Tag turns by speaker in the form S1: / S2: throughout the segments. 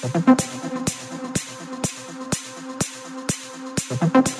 S1: Thank you.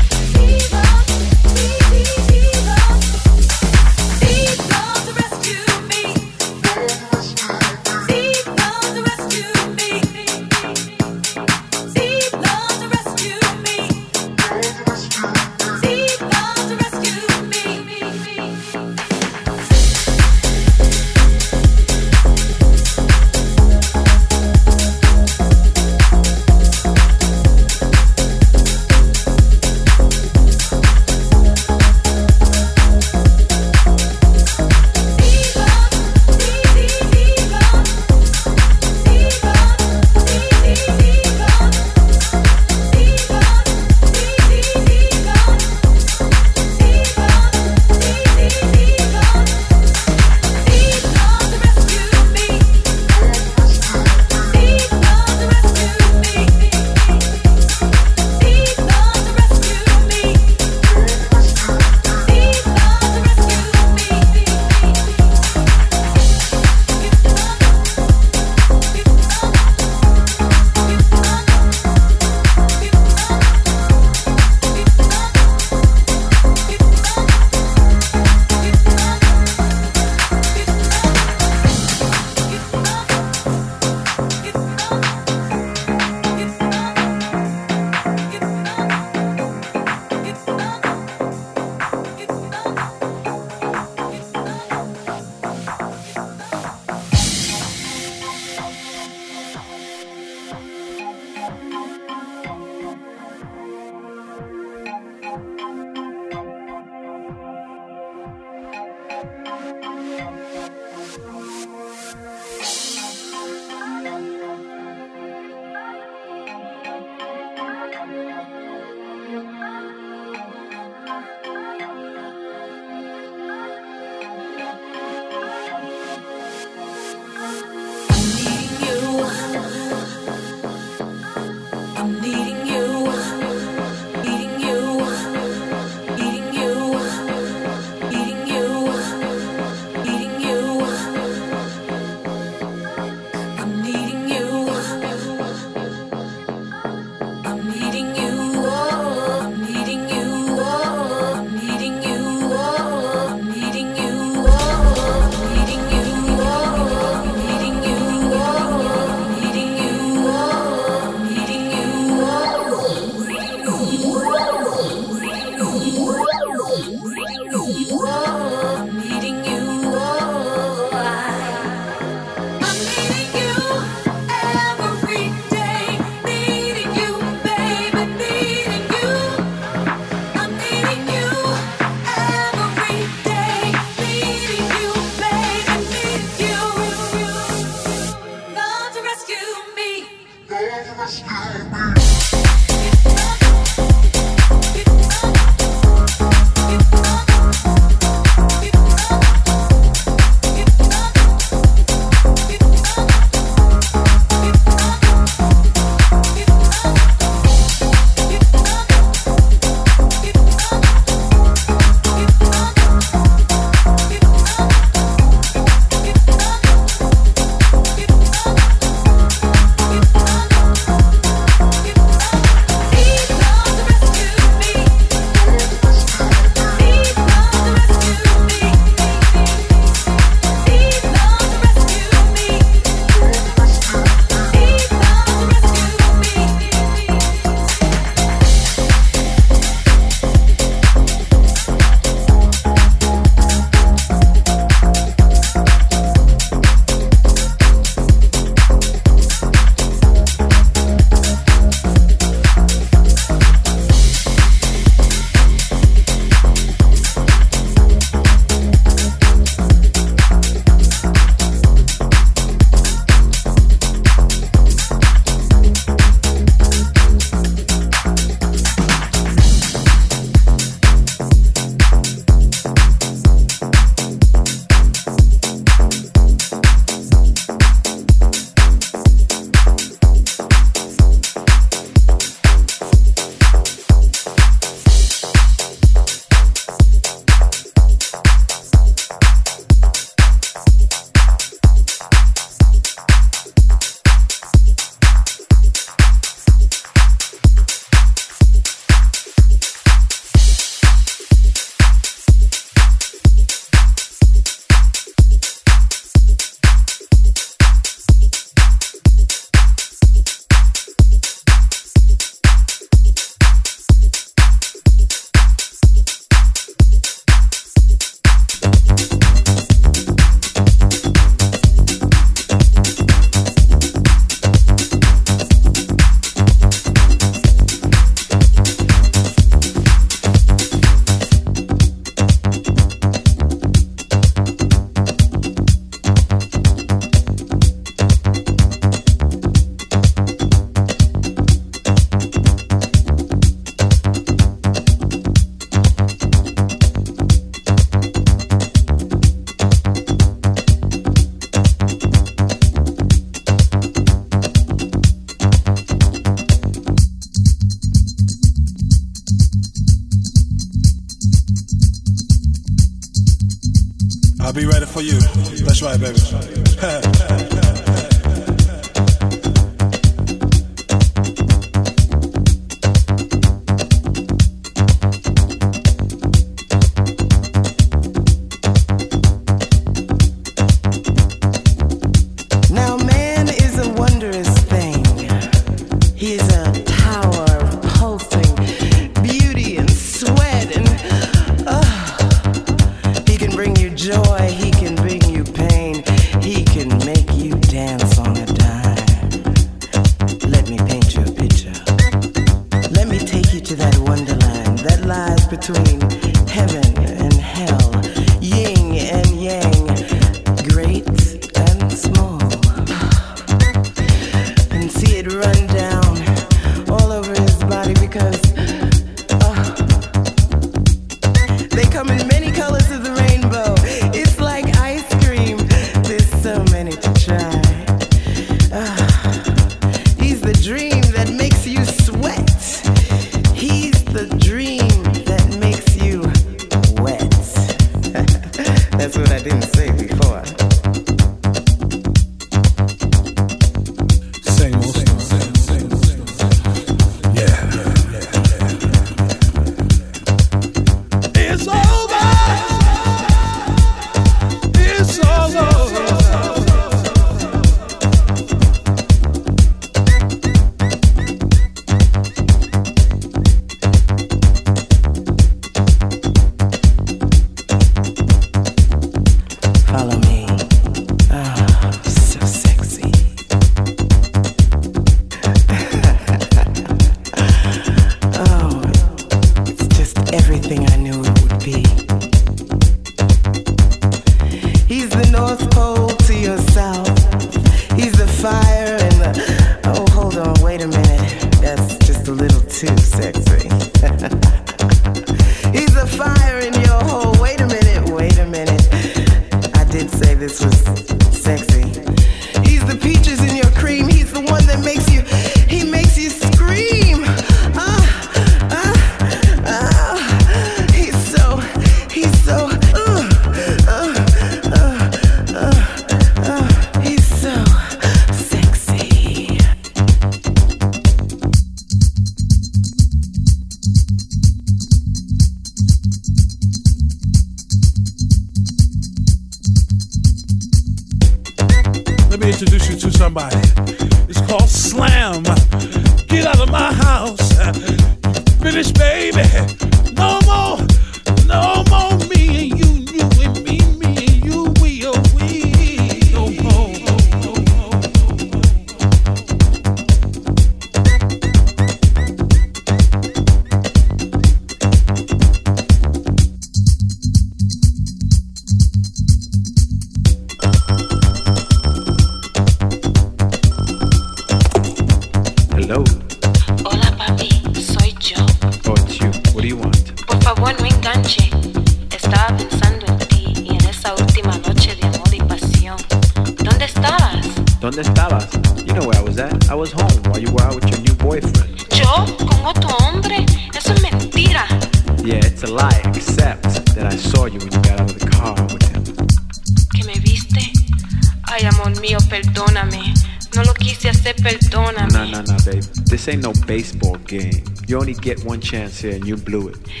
S2: chance here and you blew it.